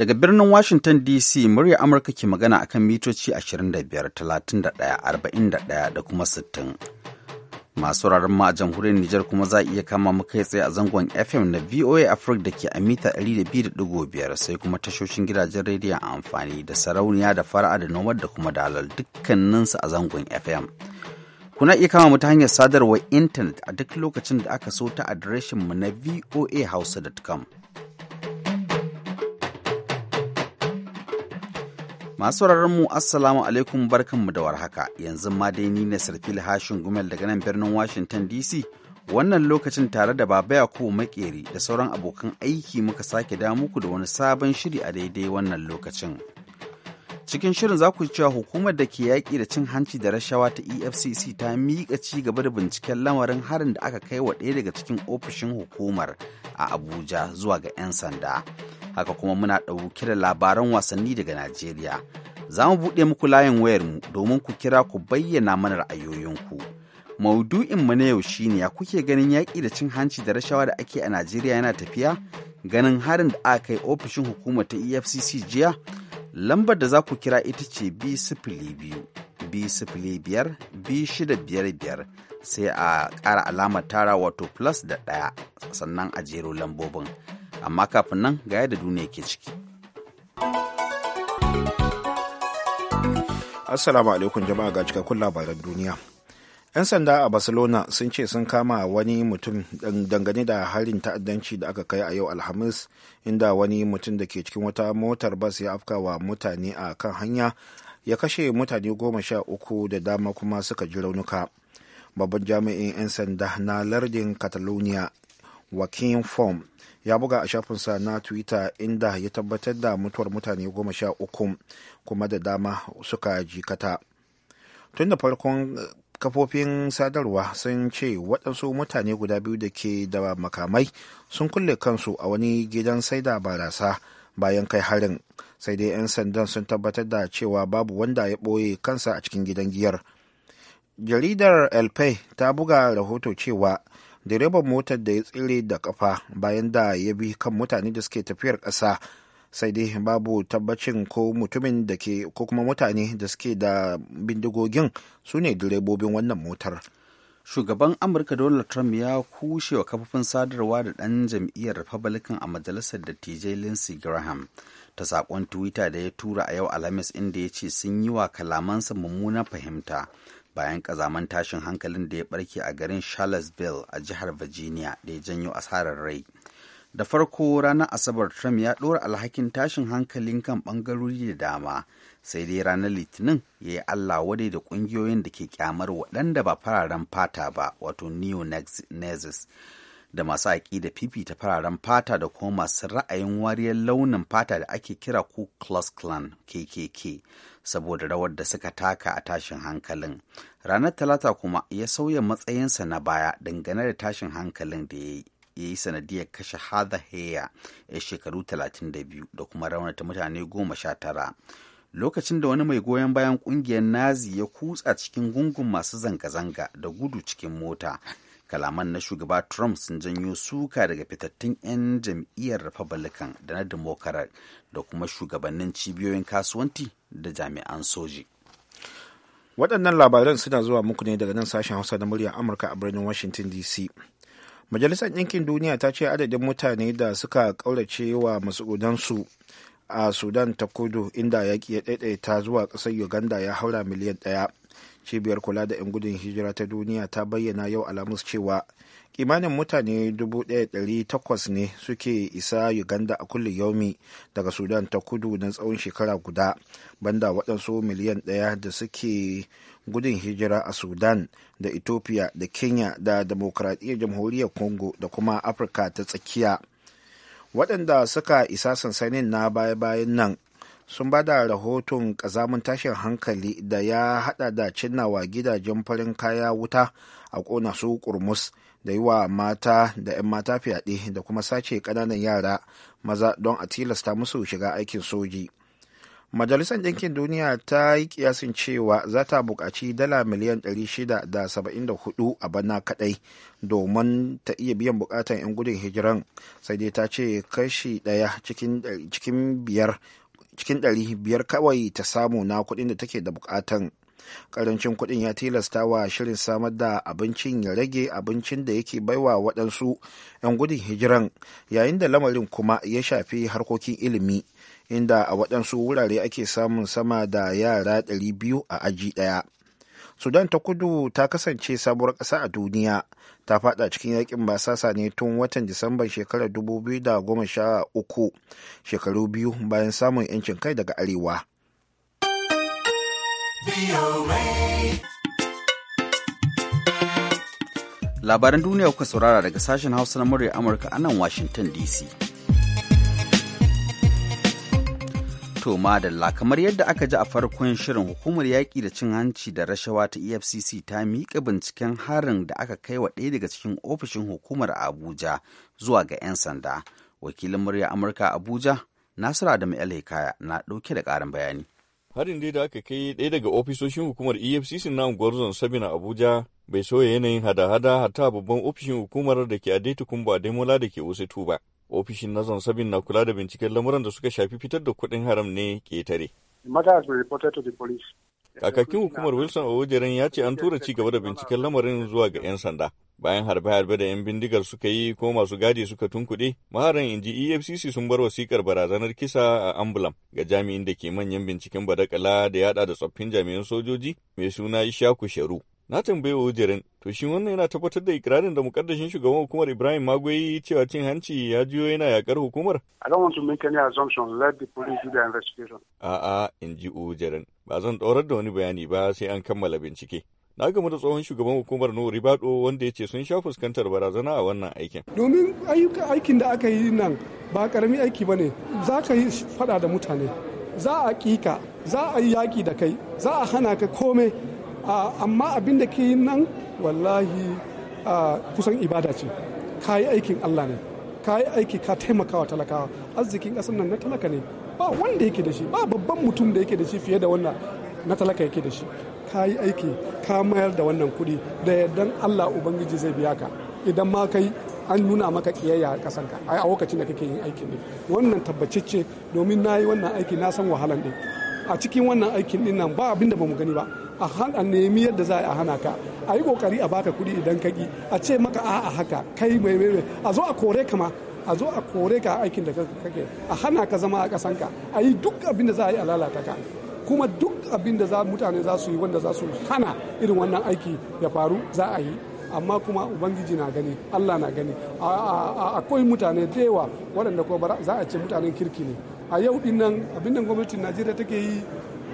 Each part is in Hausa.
Daga birnin Washington DC murya Amurka ke magana akan mitoci 25, 31, 41 da kuma 60. Masu wuraren ma a jamhuriyar Nijar kuma za a iya kama mu kai tsaye a zangon FM na VOA Africa da ke a mita 200.5 sai kuma tashoshin gidajen rediyo a amfani da sarauniya da fara'a da nomad da kuma dalal dukkaninsu a zangon FM. Kuna iya kama mu ta hanyar sadarwar intanet a duk lokacin da aka so ta adireshin mu na voahausa.com. Masu mu Assalamu alaikum barkanmu da warhaka yanzu ma dai ni ne sarfil hashin gumel daga nan birnin Washington DC wannan lokacin tare da baba yakubu makeri da sauran abokan aiki muka sake da muku da wani sabon shiri a daidai wannan lokacin. Cikin shirin za ku cewa hukumar da ke yaƙi da cin hanci da rashawa ta EFCC ta miƙa ci gaba da binciken lamarin harin da aka kai wa ɗaya daga cikin ofishin hukumar a Abuja zuwa ga 'yan sanda. haka kuma muna ɗauke da labaran wasanni daga Najeriya. Za mu buɗe muku layin wayar mu domin ku kira ku bayyana mana ra'ayoyinku. mu na yau shine ya kuke ganin yaƙi da cin hanci da rashawa da ake a Najeriya yana tafiya? Ganin harin da aka kai ofishin hukumar ta EFCC jiya? Lambar da za ku kira ita ce b sifili biyu, b sifili biyar, b shida biyar biyar. Sai a ƙara alamar tara wato plus da ɗaya sannan a jero lambobin. amma kafin nan ga yadda duniya ke ciki. Assalamu alaikum jama'a ga cikakkun labaran duniya. 'Yan sanda a Barcelona sun ce sun kama wani mutum dangane da harin ta'addanci da aka kai a yau Alhamis, inda wani mutum da ke cikin wata motar bas ya afka wa mutane a kan hanya ya kashe mutane goma sha uku da dama kuma suka ji raunuka. Babban jami'in 'yan sanda na lardin Catalonia wakin form ya buga a shafinsa na twitter inda ya tabbatar da mutuwar mutane goma sha uku kuma da dama suka jikata tun da farkon eh, kafofin sadarwa sun ce waɗansu mutane guda biyu da ke da makamai sun kulle kansu a wani gidan saida barasa bayan kai harin sai dai 'yan sandan sun tabbatar da cewa babu wanda ya ɓoye kansa a cikin gidan giyar jaridar elpe ta buga rahoto cewa direban motar da ya tsire da kafa bayan da ya bi kan mutane da suke tafiyar ƙasa sai dai babu tabbacin ko mutumin da ke ko kuma mutane da suke da bindigogin su ne direbobin wannan motar shugaban amurka donald trump ya kushe wa kafofin sadarwa da ɗan jam'iyyar republican a majalisar dattijai lindsey graham ta saƙon twitter da ya tura a yau alhamis inda ya ce sun yi wa kalamansa mummunan fahimta bayan kazaman tashin hankalin da ya barke a garin charlottesville a jihar virginia da ya janyo asarar rai da farko ranar asabar trump ya ɗora alhakin tashin hankalin kan ɓangarori da dama sai dai ranar litinin ya yi allah wadai da ƙungiyoyin da ke kyamar waɗanda ba fararen fata ba wato neo da masu aƙi da fifita fararen fata da kuma masu ra'ayin wariyar launin fata da ake kira ku Klux Klan KKK saboda rawar da suka taka a tashin hankalin. Ranar Talata kuma ya sauya matsayinsa na baya dangane da tashin hankalin da ya yi sanadiyar kashe Hadha Heya ya shekaru 32 da kuma raunata mutane goma sha tara. lokacin da wani mai goyon bayan kungiyar nazi ya kutsa cikin gungun masu zanga-zanga da gudu cikin mota kalaman na shugaba trump sun janyo suka daga fitattun 'yan jam'iyyar republican da na democrat da kuma shugabannin cibiyoyin kasuwanci da jami'an soji waɗannan labaran suna zuwa muku ne daga nan sashen hausa na muryar amurka a birnin washington dc majalisar ɗinkin duniya ta ce adadin mutane da suka ƙaurace wa masu a sudan ta kudu inda yaƙi ya ɗaiɗaita zuwa ƙasar uganda ya haura miliyan ɗaya cibiyar kula da 'yan gudun hijira ta duniya ta bayyana yau alhamis cewa kimanin mutane 1,800 ne suke isa uganda a kullum yaumi daga sudan ta kudu na tsawon shekara guda banda waɗansu miliyan ɗaya da suke gudun hijira a sudan da ethiopia da kenya da demokradiyyar jamhuriyar congo da kuma afirka ta tsakiya waɗanda suka isa sansanin na baya-bayan nan sun ba da rahoton kazamin tashin hankali da ya haɗa da cinnawa gidajen farin kaya wuta a ƙona su kurmus da yi wa mata da 'yan mata fyaɗe da kuma sace ƙananan yara maza don a tilasta musu shiga aikin soji. Majalisar Ɗinkin Duniya ta yi kiyasin cewa za ta buƙaci dala miliyan 674 a bana kaɗai domin ta iya biyan buƙatar 'yan gudun hijiran sai dai ta ce kashi ɗaya cikin biyar cikin ɗari biyar kawai ta samu na kuɗin da take da buƙatan karancin kuɗin ya tilasta wa shirin samar da abincin ya rage abincin da yake baiwa waɗansu 'yan gudun hijiran yayin da lamarin kuma ya shafi harkokin ilimi inda a waɗansu wurare ake samun sama da yara 200 a aji ɗaya. sudan ta kudu ta kasance sabuwar ƙasa a duniya ta fada cikin yakin basasa ne tun watan disamban shekarar 2013 shekaru biyu bayan samun 'yancin kai daga arewa labaran duniya kuka saurara daga sashen hausa na murya amurka a nan washington dc To madalla kamar yadda aka ji a farkon shirin hukumar yaƙi da cin hanci da rashawa ta EFCC ta miƙa binciken harin da aka kai wa ɗaya daga cikin ofishin hukumar Abuja zuwa ga 'yan sanda. Wakilin murya Amurka Abuja Nasiru Adamu Hikaya na ɗauke da ƙarin bayani. Harin dai da aka kai ɗaya daga ofisoshin hukumar EFCC na Gwarzon Sabina Abuja bai soya yanayin hada-hada hatta babban ofishin hukumar da ke Adetukumba Demola da ke Osetu ba. Ofishin nazon sabin na kula da binciken lamuran da suka shafi fitar da kuɗin haram ne ƙetare. Kakakin hukumar Wilson a Owojeren ya ce an tura ci gaba da binciken lamarin zuwa ga 'yan sanda. Bayan harbe-harbe da 'yan bindigar suka yi ko masu gadi suka tunkuɗe, maharan inji EFCC sun bar wasikar barazanar kisa a ambulam ga jami'in da ke manyan binciken badakala da yada da tsoffin jami'an sojoji mai suna Ishaku Sheru. Na tambayi Ojerin, to shi wannan yana tabbatar da ikirarin da mukaddashin shugaban hukumar Ibrahim Magoyi cewa cin hanci ya jiyo yana yakar hukumar? I don't want to make any assumption, let the police do the investigation. A'a, in ji Ojerin, ba zan ɗorar da wani bayani ba sai an kammala bincike. Na gamu da tsohon shugaban hukumar Nuhu Ribado wanda ya ce sun sha fuskantar barazana a wannan aikin. Domin aikin da aka yi nan ba karami aiki ba ne, za ka yi faɗa da mutane, za a kika za a yi yaƙi da kai, za a hana ka komai, Ah, amma abin da ke yi nan wallahi ah, kusan ibada ce ka yi aikin allah ne ka yi aiki ka taimakawa talakawa arzikin ƙasar nan na talaka ne ba wanda yake da shi ba babban mutum da yake da shi fiye da wannan na talaka yake da shi ka yi aiki ka mayar da wannan kuɗi da yardan allah ubangiji zai biya ka idan ma kai an nuna maka kiyayya a ka a lokacin da kake yin aikin ne wannan tabbacecce domin na yi wannan aiki na san wahalan ɗin a cikin wannan aikin ɗin nan ba abin da ba mu gani ba a nemi yadda za a hana ka a yi kokari a baka kuɗi idan ka ki a ce maka a haka kai mai mai a zo a kore ka ma a zo a kore ka aikin da kake a hana ka zama a ka a yi duk abin da za a yi a lalata ka kuma duk abin da mutane za su yi wanda za su hana irin wannan aiki ya faru za a yi amma kuma ubangiji na gani allah na gani akwai mutane da yawa waɗanda ko za a ce mutanen kirki ne a yau dinnan nan abin da gwamnatin najeriya take yi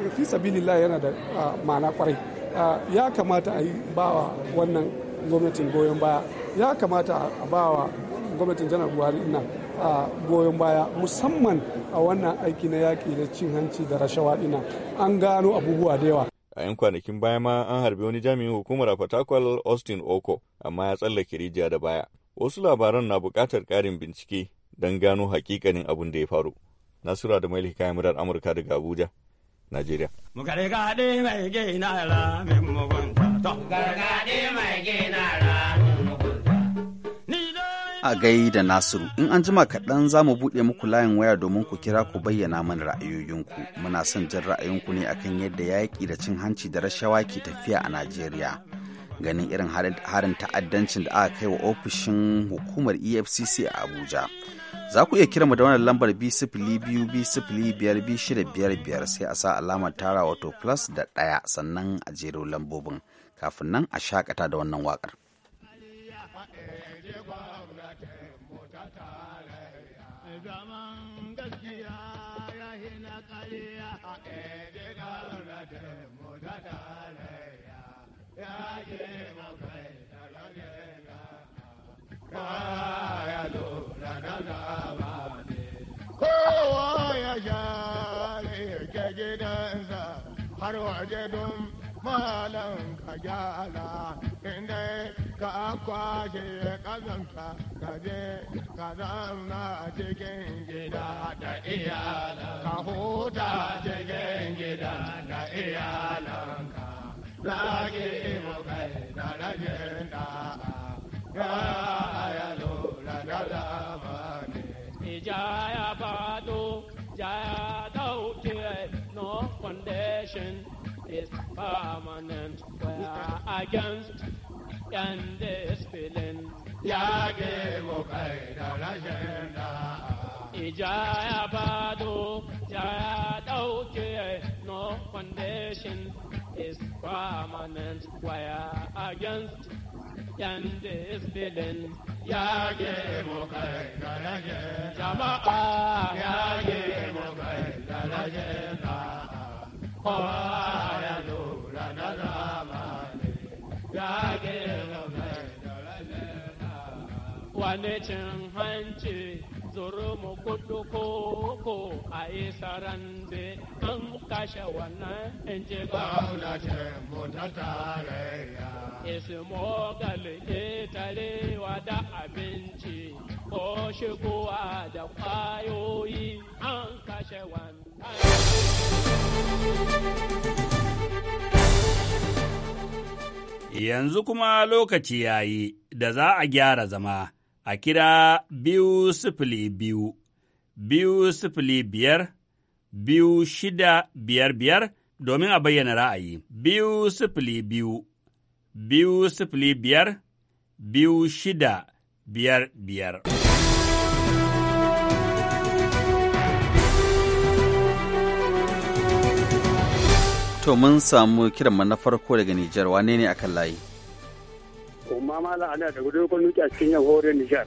Eh, fi sabilillah yana da ah, ma'ana kwarai ah, ya kamata a yi bawa wannan gwamnatin goyon baya ya kamata a bawa gwamnatin janar buhari ina a ah, goyon baya musamman a wannan aiki na yaƙi da cin hanci da rashawa ɗina an gano abubuwa da yawa a 'yan kwanakin baya ma an harbi wani jami'in hukumar a fatakwal austin oko amma ya tsallake rijiya da baya wasu labaran na buƙatar ƙarin bincike don gano hakikanin abin da ya faru nasura da kayan murar amurka daga abuja Najeriya. a gai da Nasiru. In an jima kaɗan za mu buɗe muku layin waya domin ku kira ku bayyana mana ra'ayoyinku. Muna son jin ra'ayinku ne akan yadda yaƙi da cin hanci da rashawa ke tafiya a Najeriya. Ganin irin harin ta'addancin da aka kai wa ofishin hukumar EFCC a Abuja. za ku iya kira mu da wannan lambar b sifili biyu b sifili biyar b shida biyar biyar sai a sa alamar tara wato plus da ɗaya sannan a jero lambobin kafin nan a shakata da wannan waƙar. kowa ya share ke gidansa har waje don malam ka gyara inda ka kwashe kazanta ka je ka zauna cikin gida da iyalan ka huta cikin gida da iyalan ka zage mu kai da rajin da'a No foundation is permanent We're against and this feeling Yage Wokaida Rajenda Jaya No foundation is permanent We're against yande stilin yage mu kai garage jama'a yage mu kai garage na kowa ya lura na zamani yage mu kai garage na wane cin hanci zurmu ko ko a yi sarande an kashe wannan in ji gwamnatin mu ta tarayya. Isi mogali ƙetarewa da abinci ko shigowa da kwayoyi an kashe wannan. Yanzu kuma lokaci yayi da za a gyara zama. a kira biyu sifili biyu, biyu sifili biyar, biyu shida biyar biyar domin a bayyana ra'ayi, biyu sifili biyu, biyu sifili biyar, biyu shida biyar biyar. To mun samu kiran na farko daga Nijar wane ne akan layi? kuma mala ana da gudu gwanu a cikin yahoriyar nijar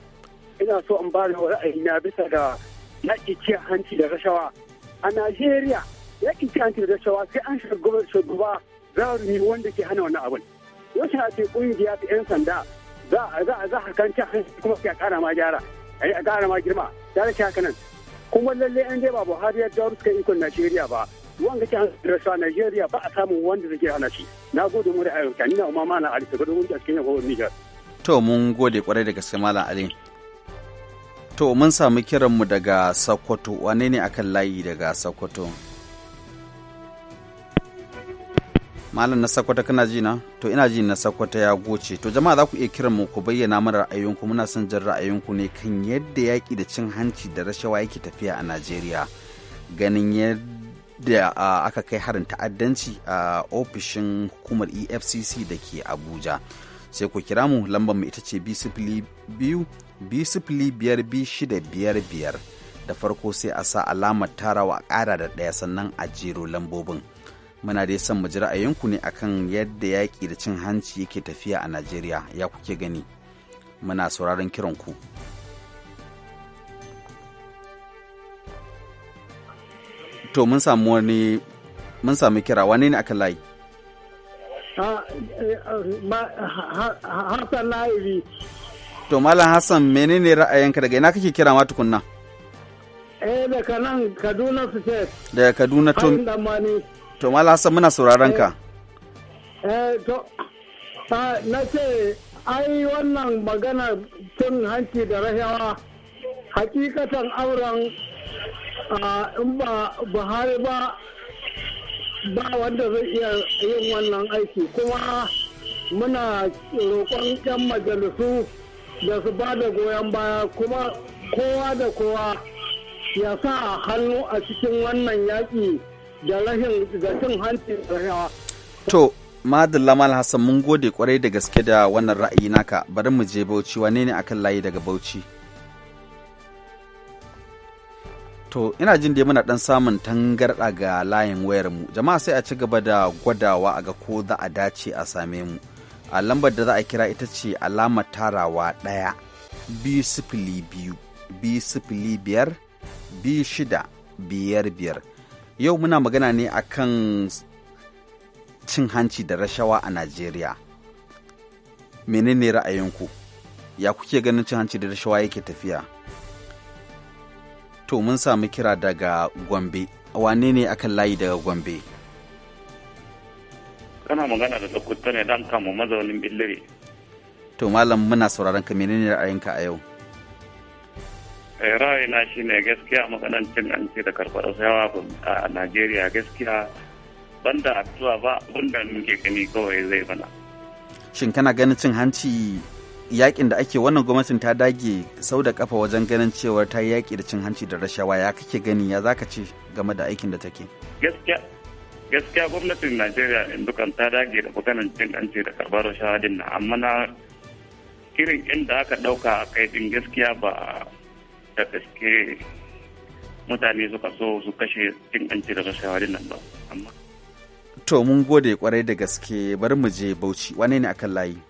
ina so an ba da ra'ayi na bisa ga yaƙi ci hanci da rashawa a najeriya yaƙi ci hanci da rashawa sai an shugaba zarumi wanda ke hana wani abin yaushe a ce ƙungiya ta 'yan sanda za a za a kan ci hanci kuma sai a ma gyara a ƙara ma girma ya da haka nan kuma lallai an je ba buhari ya jawo suka ikon najeriya ba wanga ke an a Najeriya ba a samu wanda zai hana shi na gode mu da ayyuka kani na umma mana Ali saboda mun a cikin yahuwar Niger to mun gode kwarai da gaske malam Ali to mun samu kiran mu daga Sokoto wane ne akan layi daga Sokoto malam na sakwata kana ji na to ina ji na sakwata ya goce to jama'a za ku iya kiran mu ku bayyana mana ra'ayinku muna son jin ra'ayinku ne kan yadda yaƙi da cin hanci da rashawa yake tafiya a najeriya ganin yadda da aka kai harin ta'addanci a ofishin hukumar efcc da ke abuja sai ku kira mu lambar mu ita ce biyar da farko sai a sa alamar tarawa ƙara da ɗaya sannan a jero lambobin muna dai son mu a ra'ayinku ne akan yadda yaƙi da cin hanci yake tafiya a najeriya ya kuke gani muna sauraron kiran ku to mun samu wani mun samu kira wani ne aka layi Hassan Lahiri. To Malam Hassan menene ra'ayinka daga ina kake kira ma tukunna? Eh daga nan Kaduna State. Daga Kaduna to. To Malam Hassan muna sauraron ka. Eh, eh to na ce ai wannan magana tun hanci da rahawa hakikatan auren in ba buhari ba ba wanda zai iya yin wannan aiki kuma muna roƙon 'yan majalisu da su ba da goyon baya kuma kowa da kowa ya sa hannu a cikin wannan yaƙi da rashin da cin hanci rashawa. To, Madalla Lamal Hassan mun gode kwarai da gaske da wannan ra'ayi naka bari mu je Bauchi wane ne akan layi daga Bauchi? To ina jin dai muna dan samun tangarɗa ga layin wayar mu Jama'a sai a ci gaba da gwadawa a ga ko za a dace a same mu. A lambar da za a kira ita ce alamar tarawa ɗaya biyu sifili biyu biyu sifili biyar biyu shida biyar biyar. Yau muna magana ne akan cin hanci da rashawa a Najeriya. Menene ra'ayinku? Ya kuke ganin cin hanci da rashawa yake tafiya? to mun samu kira daga gombe wane ne akan layi daga gombe kana magana da lokuta ne dan kamu mazaunin billiri to malam muna sauraron ka menene ra'ayinka a yau eh, na shi ne gaskiya matsanancin an ce da karɓar sayawa a najeriya gaskiya banda addu'a ba banda muke gani kawai zai bana shin kana ganin cin hanci yakin da ake wannan gwamnatin ta dage sau da kafa wajen ganin cewar ta yaƙi da cin hanci da rashawa ya kake gani ya zaka ce game da aikin da take gaskiya gaskiya gwamnatin najeriya in dukan ta dage da maganar cin hanci da karbar rashawa din na amma na irin inda aka ɗauka a kai din gaskiya ba da gaske mutane suka so su kashe cin hanci da rashawa din nan ba amma to mun gode kwarai da gaske bari mu je bauchi wane ne akan layi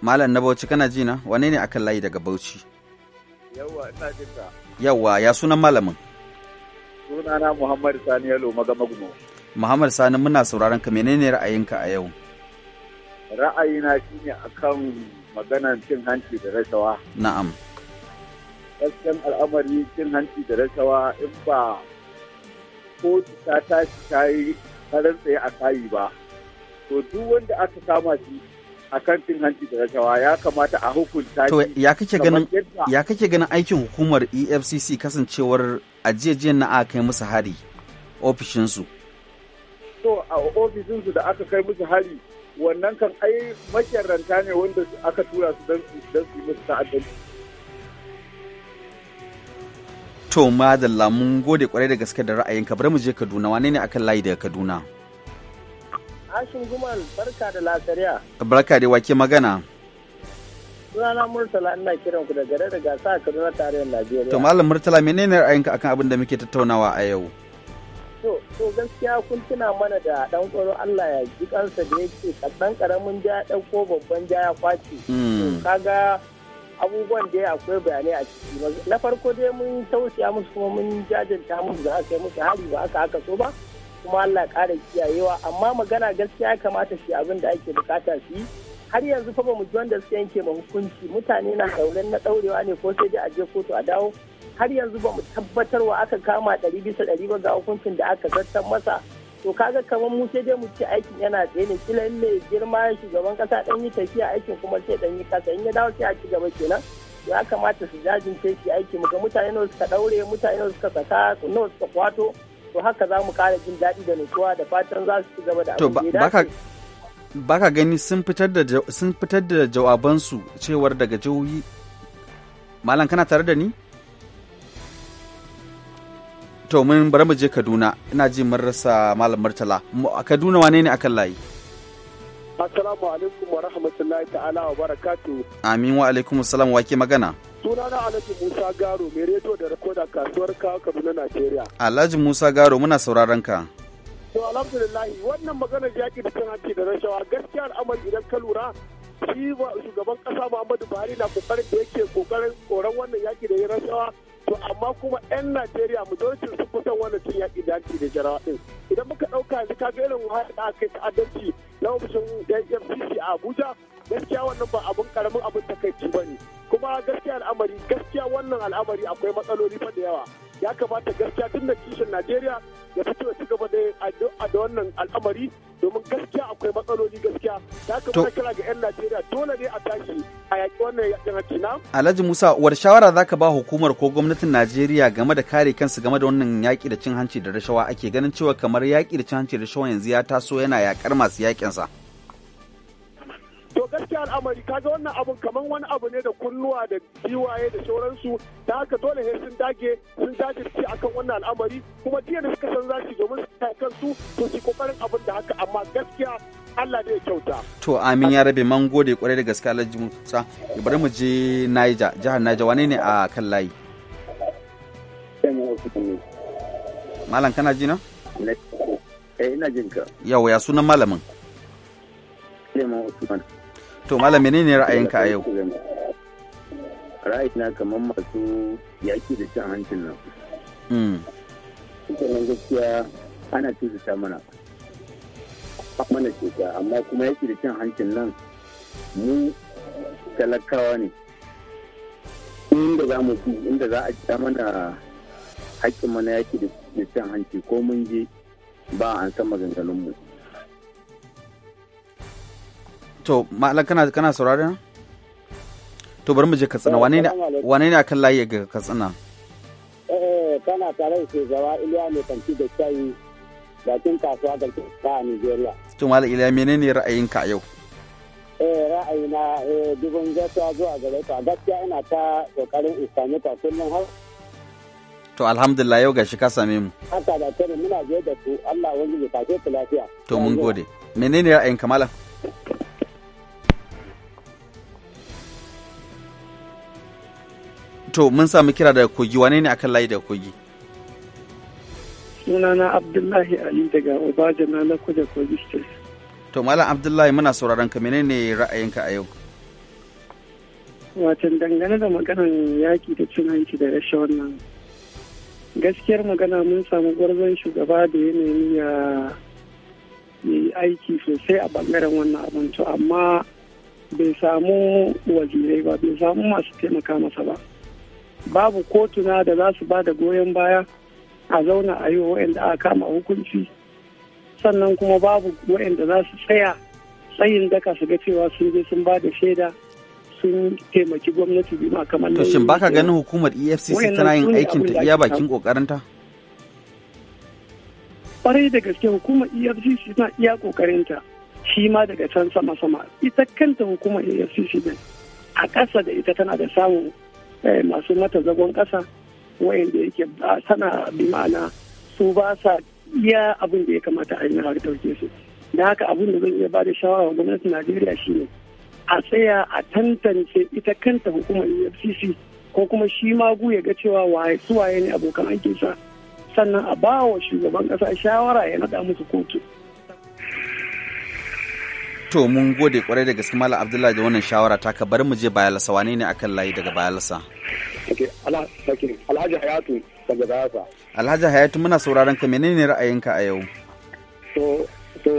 Malam na Bauchi kana ji na? Wane ne akan layi daga Bauchi? Yawwa ina Yawwa ya sunan malamin? Sunana Muhammad Sani Yalo Magamagno. Muhammad Sani muna sauraron ka menene ra'ayinka a yau? Ra'ayina shine akan maganar cin hanci da rashawa. Na'am. Gaskiyar al'amari cin hanci da rashawa in ba kotu ta tashi ta yi tsaye a kayi ba. To duk wanda aka kama shi a kan hanci da rashawa ya kamata a hukunta to ya kake ganin ya kake ganin aikin hukumar EFCC kasancewar ajiyajiyar na aka kai musu hari ofishinsu to a ofishinsu da aka kai musu hari wannan kan ai ranta ne wanda aka tura su don su yi musu ta'addanci To madalla mun gode kwarai da gaske da ra'ayinka bari mu je Kaduna wane ne akan layi daga Kaduna? Hashim Gumal barka da lasariya. Barka da wake magana. Sunana Murtala ina kiran ku da gare da gasa Kaduna tarihin Najeriya. To Malam Murtala menene ra'ayinka akan abin da muke tattaunawa a yau? To to gaskiya kun tuna mana da dan tsoro Allah ya ji kansa da yake dan karamin ja ya ko babban ja ya kwace hmm. Kaga abubuwan da ya akwai bayanai a ciki na farko dai mun tausaya musu kuma mun jajanta musu da aka yi musu hari ba aka haka so ba. kuma Allah ƙara kiyayewa amma magana gaskiya kamata shi abin da ake bukata shi har yanzu fa mu ji wanda suka yanke ma hukunci mutane na saurin na daurewa ne ko sai dai a je kotu a dawo har yanzu ba mu tabbatar wa aka kama ɗari bisa ɗari ba ga hukuncin da aka zartar masa to kaga kamar mu sai dai mu ci aikin yana tsaye ne kila mai girma shugaban kasa dan yi tafiya aikin kuma sai dan yi kasa in ya dawo sai a ci gaba kenan ya kamata su jajince shi aiki mu ga mutane nawa suka daure mutane nawa suka saka nawa suka kwato to haka za mu kara jin daɗi da nutsuwa da fatan za su ci gaba da abin baka gani sun fitar da jawabansu cewar daga jihohi malam kana tare da ni to mun bari mu je Kaduna ina ji mun rasa malam Murtala a Kaduna wane ne akan layi Assalamu alaikum wa rahmatullahi ta'ala wa barakatu. Amin wa alaikum salam wa ke magana. Sunana Alhaji Musa Garo mai rediyo da rikoda kasuwar kawo Kaduna Najeriya. Alhaji Musa Garo muna sauraron ka. To alhamdulillahi wannan maganar yaƙi da cin da rashawa gaskiya al'amari idan ka lura shi shugaban ƙasa Muhammadu Buhari na kokarin da yake kokarin tsoron wannan yaƙi da ya rashawa to amma kuma 'yan najeriya majalisar su kusan wannan cin yaƙi da da jarawa ɗin idan muka ɗauka yanzu ka ga irin wahala da aka yi ta'addanci na ofishin fcc a abuja gaskiya wannan ba abun karamin abin takaici ba ne kuma gaskiya al'amari gaskiya wannan al'amari akwai matsaloli fa da yawa ya kamata gaskiya tun da kishin najeriya ya fito ya ci gaba da a da wannan al'amari domin gaskiya akwai matsaloli gaskiya ya kamata kira ga 'yan najeriya dole ne a tashi a yaƙi wannan yaƙin haƙƙi na. alhaji musa uwar shawara za ka ba hukumar ko gwamnatin najeriya game da kare kansu game da wannan yaƙi da cin hanci da rashawa ake ganin cewa kamar yaƙi da cin hanci da rashawa yanzu ya taso yana yaƙar masu yaƙinsa. sa. gaskiya al'amari kaga wannan abun kamar wani abu ne da kunnuwa da giwaye da sauransu da haka dole ne sun dage sun jajirce akan wannan al'amari kuma jiya da suka san za su domin su kai kansu to su kokarin abin da haka amma gaskiya Allah da ya kyauta. To amin ya rabe man gode kwarai da gaskiya Alhaji Musa bari mu je Niger jihar Niger wane ne a kan layi? Malam kana ji na? Eh ina jinka. Yawa ya sunan malamin? Suleiman to malam menene ra'ayinka a yau ra'ayina kamar masu yaki da cin hancin nan hmm. nan gaskiya ana ta mana mana cuta amma kuma yaki da cin hancin nan mu talakawa ne inda za mu fi inda za a ci mana hakkin mana yaki da cin hanci ko mun je ba an san maganganunmu. mu to ma'ala kana kana saurare to bari mu je katsina wane ne wane ne akan layi ga katsina eh kana tare da shugaba Iliya ne kanti da shayi bakin kasuwa ga ta Nigeria to mala Iliya menene ra'ayinka a yau eh ra'ayina eh dubun gaskiya zuwa gare ka gaskiya ina ta kokarin in sami ka kullum har to alhamdulillah yau shi ka same mu haka da tare muna je da su Allah wani ya kace ku lafiya to mun gode menene ra'ayinka malam to mun samu kira daga kogi wane ne akan layi daga kogi sunana abdullahi ali daga obaja na na da kogi to malam abdullahi muna sauraron ka menene ra'ayinka a yau watan dangane da maganar yaƙi da cin hanci da rashe wannan gaskiyar magana mun samu gwarzon shugaba da yanayi ya yi aiki sosai a bangaren wannan abincin amma bai samu wazirai ba bai samu masu taimaka masa ba babu kotuna da za su ba da goyon baya a zauna a yi wa'anda a kama hukunci sannan kuma babu wa'anda za su tsaya tsayin daka su ga cewa sun je sun ba da shaida sun taimaki gwamnati bi ma kamar to shin baka ganin hukumar EFCC tana yin aikin ta iya bakin kokarinta kwarai da gaske hukumar EFCC tana iya kokarinta shi ma daga can sama sama ita kanta hukumar EFCC din a ƙasa da ita tana da samun Eh, masu mata zagon ƙasa wayanda yake sana bi ma'ana su ba sa iya abin da ya kamata a yi na ɗauke su da haka abin da zan iya ba da shawara wa gwamnatin najeriya shine a tsaya a tantance ita kanta hukumar efcc ko kuma shi ma ya ga cewa waye su waye ne abokan aikinsa sannan a ba wa shugaban ƙasa shawara ya naɗa musu kotu to mun gode kwarai da gaske malam abdullahi da wannan shawara ta ka bar mu je bayalasa wane ne akan layi daga bayalasa alhaji hayatu daga bayalasa alhaji hayatu muna sauraron ka menene ra'ayinka a yau to to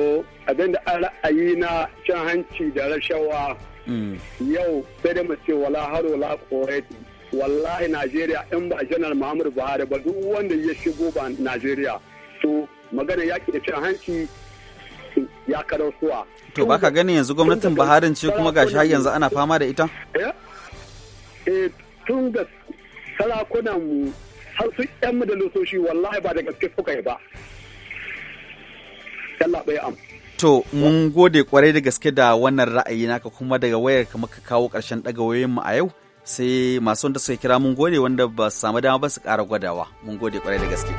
abinda ra'ayi na cin hanci da rashawa mm. yau sai da mace wala haro la qoreti wallahi Najeriya in ba janar Muhammadu Buhari ba duk wanda ya shigo ba Najeriya to magana yaki da cin hanci nasu ya karan suwa. To baka gani yanzu gwamnatin Buharin ce kuma gashi har yanzu ana fama da ita? Eh, eh tun da sarakunan mu har su yan majalisoshi wallahi ba da gaske suka yi ba. Allah bai am. To mun gode kwarai da gaske da wannan ra'ayi naka kuma daga wayar ka muka kawo ƙarshen ɗaga wayoyin mu a yau. sai masu wanda suka kira mun gode wanda ba su samu dama ba su ƙara gwadawa mun gode kwarai da gaske.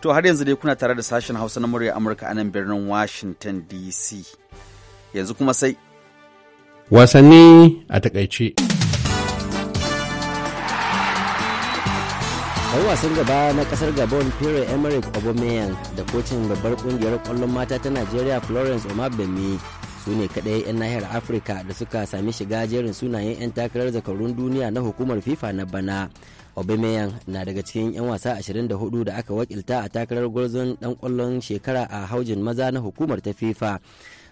To har yanzu dai kuna tare da sashen Hausa na murya Amurka a nan birnin Washington DC. Yanzu kuma sai. Wasanni a takaice. Dan wasan gaba na kasar Gabon Pierre Emerick Aubameyang da kocin babbar kungiyar kwallon mata ta Najeriya Florence Omabemi su ne kadai 'yan nahiyar Afirka da suka sami shiga jerin sunayen 'yan takarar zakarun duniya na hukumar FIFA na bana. Aubameyang na daga cikin 'yan wasa 24 da aka wakilta a takarar gwarzon dan kwallon shekara a haujin maza na hukumar ta FIFA.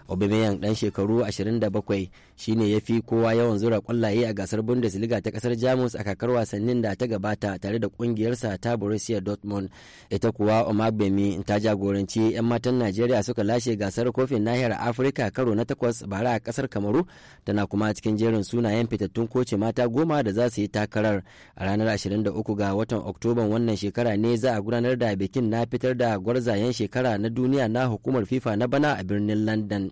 Aubameyang dan shekaru 27 shine ya fi kowa yawan zura kwallaye a gasar Bundesliga ta kasar Jamus a kakar wasannin da ta gabata tare da kungiyarsa ta Borussia Dortmund. Ita kuwa Omagbemi ta jagoranci 'yan matan Najeriya suka lashe gasar kofin nahiyar Afirka karo na takwas bara a kasar Kamaru tana kuma cikin jerin sunayen fitattun koci mata goma da za su yi takarar a ranar 23 ga watan Oktoban wannan shekara ne za a gudanar da bikin na fitar da gwarzayen shekara na duniya na hukumar FIFA na bana a birnin London.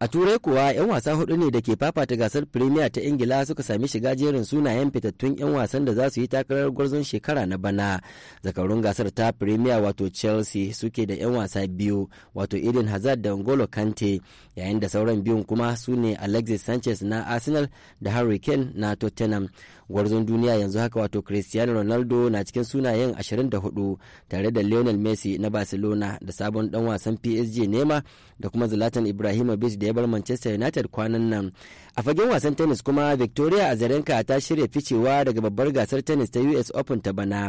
a turai kuwa 'yan wasa hudu ne da ke fafata gasar premier ta ingila suka sami shiga jerin sunayen fitattun 'yan wasan da za su yi takarar gwarzon shekara na bana zakarun gasar ta premier wato chelsea suke da 'yan wasa biyu wato eden hazard da ngolo kante yayin da sauran biyun kuma su ne alexis sanchez na arsenal da harry kane na tottenham gwarzon duniya yanzu haka wato cristiano ronaldo na cikin sunayen 24 tare da lionel messi na barcelona da sabon dan wasan psg nema da kuma zlatan ibrahimovic da ya bar Manchester United kwanan nan. A fagen wasan tennis kuma Victoria Azarenka ta shirya ficewa daga babbar gasar tennis ta US Open ta bana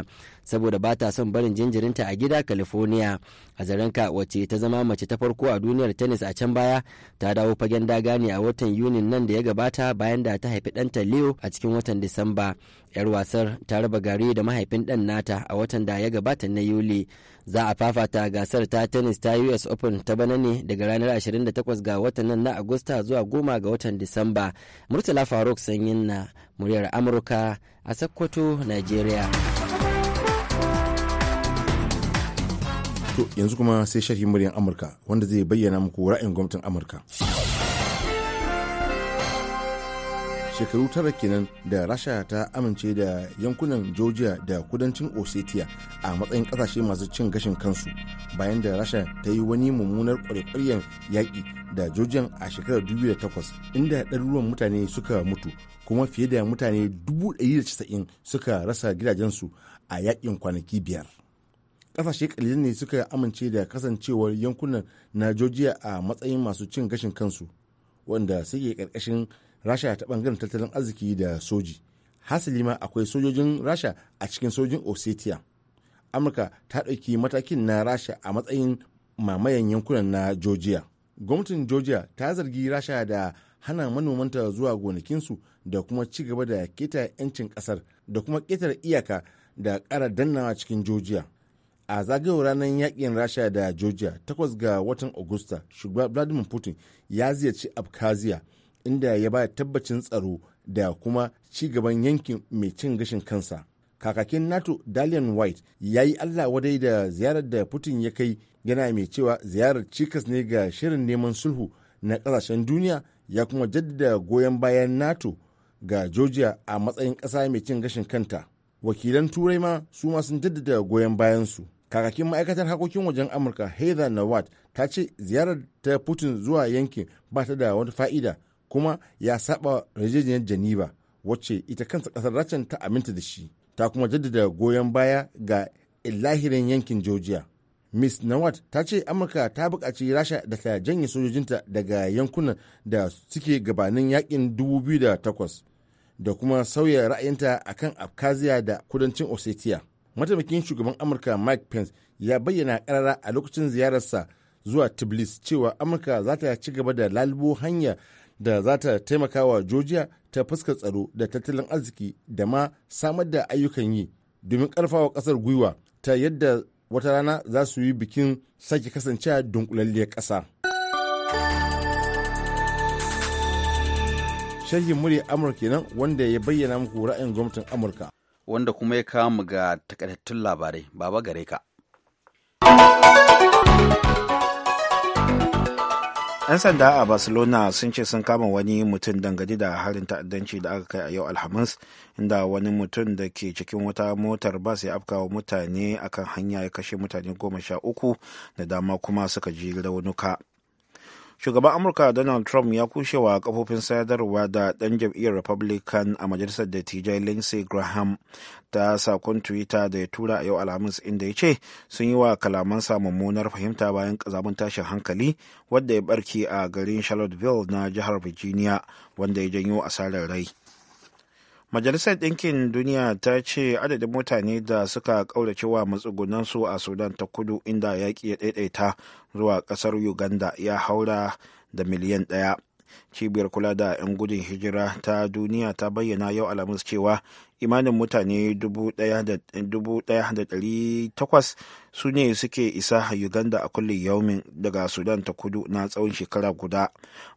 saboda ba ta son barin jinjirinta a gida California. Azarenka wacce ta zama mace ta farko a duniyar tennis a can baya ta dawo fagen daga ne a watan Yunin nan da ya gabata bayan da ta haifi ɗanta Leo a cikin watan Disamba. 'Yar wasar ta raba gari da mahaifin ɗan nata a watan da ya gabata na Yuli. za a fafata gasar ta tennis ta us open ta bana ne daga ranar 28 ga watan nan na agusta zuwa 10 ga watan disamba murtala faruk sanyin na muryar amurka a sokoto nigeria yanzu kuma sai sharhin muryar amurka wanda zai bayyana muku ra'ayin gwamnatin amurka shekaru tara kenan da rasha ta amince da yankunan georgia da kudancin ossetia a matsayin kasashe masu cin gashin kansu bayan da rasha ta yi wani mummunar kwarekwaryen yaƙi da georgian a shekarar 2008 inda ɗaruruwan mutane suka mutu kuma fiye da mutane 190 suka rasa gidajensu a yaƙin kwanaki biyar kasashe kalilan ne suka amince da kasancewar yankunan na georgia a matsayin masu cin gashin kansu wanda suke ƙarƙashin rasha ta bangaren tattalin arziki da soji hasali ma akwai sojojin rasha a cikin sojin osetia amurka ta ɗauki matakin na rasha a matsayin mamayen yankunan na georgia gwamnatin georgia ta zargi rasha da hana manomanta zuwa gonakinsu da kuma ci gaba da keta 'yancin ƙasar da kuma ketar iyaka da ƙara dannawa cikin georgia a zagayowar ranar yakin rasha da georgia 8 ga watan agusta shugaba vladimir putin ya ziyarci abkhazia inda ya ba tabbacin tsaro da kuma ci gaban yankin mai cin gashin kansa. Kakakin NATO Dalian White ya yi Allah wadai da ziyarar da Putin ya kai yana mai cewa ziyarar cikas ne ga shirin neman sulhu na ƙasashen duniya ya kuma jaddada goyon bayan NATO ga Georgia a matsayin ƙasa mai cin gashin kanta. Wakilan Turai ma su ma sun jaddada goyon bayansu. Kakakin ma'aikatar harkokin wajen Amurka Heather Nawat ta ce ziyarar ta Putin zuwa yankin ba ta da wani fa'ida kuma ya saba yarjejeniyar janiba wacce ita kansa kasar Rasha ta aminta da shi ta kuma jaddada goyon baya ga lahirin yankin Georgia. Miss Nawat ta ce Amurka ta buƙaci Rasha da ta janye sojojinta daga yankunan da suke gabanin yakin 2008 da kuma sauya ra'ayinta a kan Abkhazia da kudancin Ossetia. Mataimakin shugaban Amurka Mike Pence ya bayyana karara a lokacin ziyararsa zuwa Tbilisi cewa Amurka za ta ci gaba da lalubo hanya da za ta taimaka wa Georgia ta fuskar tsaro da tattalin arziki da ma samar da ayyukan yi domin karfawa kasar gwiwa ta yadda wata rana za su yi bikin sake kasancewa dunkulalliyar kasa. Sharhin murya Amurka kenan wanda ya bayyana muku ra'ayin gwamnatin Amurka. Wanda kuma ya kawo ga takaitattun labarai, baba gare ka. 'yan sanda a barcelona sun ce sun kama wani mutum dangane da harin ta'addanci da aka kai a yau alhamis inda wani mutum da ke cikin wata motar bas ya afkawa mutane akan hanya ya kashe mutane goma sha uku da dama kuma suka ji raunuka shugaban amurka donald trump ya kushe wa kafofin sadarwa da ɗan jam'iyyar republican a majalisar dattijai lindsey graham ta sakon twitter da ya tura a yau alhamis inda ya ce sun yi wa kalamansa mummunar fahimta bayan kazamin tashin hankali wadda ya barke a garin charlottesville na jihar virginia wanda ya janyo asarar rai majalisar ɗinkin duniya ta ce adadin mutane da suka ƙaurace wa matsugunansu a sudan ta kudu inda yaƙi ya ɗaiɗaita zuwa ƙasar uganda ya haura da miliyan ɗaya cibiyar kula da 'yan gudun hijira ta duniya ta bayyana yau alhamis cewa imanin mutane 1,800 su ne suke isa uganda a kullum yaumin daga sudan ta kudu na tsawon shekara guda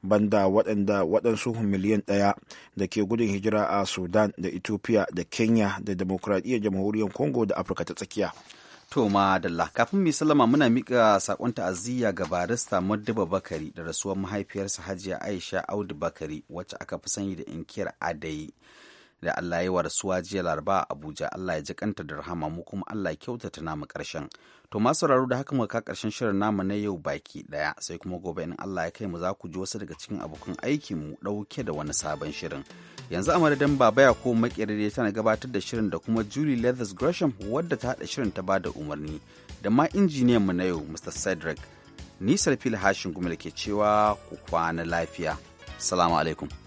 banda waɗanda waɗansu miliyan ɗaya da ke gudun hijira a sudan da ethiopia da kenya da demokradiyyar jamhuriyar congo da afirka ta tsakiya To dalla kafin mu sallama muna mika sakon ta'aziyya ga barista maduba Bakari da rasuwar mahaifiyarsa Hajiya Aisha Audu Bakari wacce aka fi sani da inkiyar Adayi. da Allah ya wa rasuwa jiya laraba a Abuja Allah ya ji kanta da rahama mu kuma Allah ya kyautata namu karshen to masu sauraro da haka muka karshen shirin namu na yau baki daya sai kuma gobe in Allah ya kai mu za ku ji wasu daga cikin abokan aikin mu dauke da wani sabon shirin yanzu a madadin baba ya ko makirare tana gabatar da shirin da kuma Julie Leathers Gresham wadda ta hada shirin ta bada umarni da ma injiniyan mu na yau Mr Cedric ni Sarfil Hashin Gumel ke cewa ku kwana lafiya salamu alaikum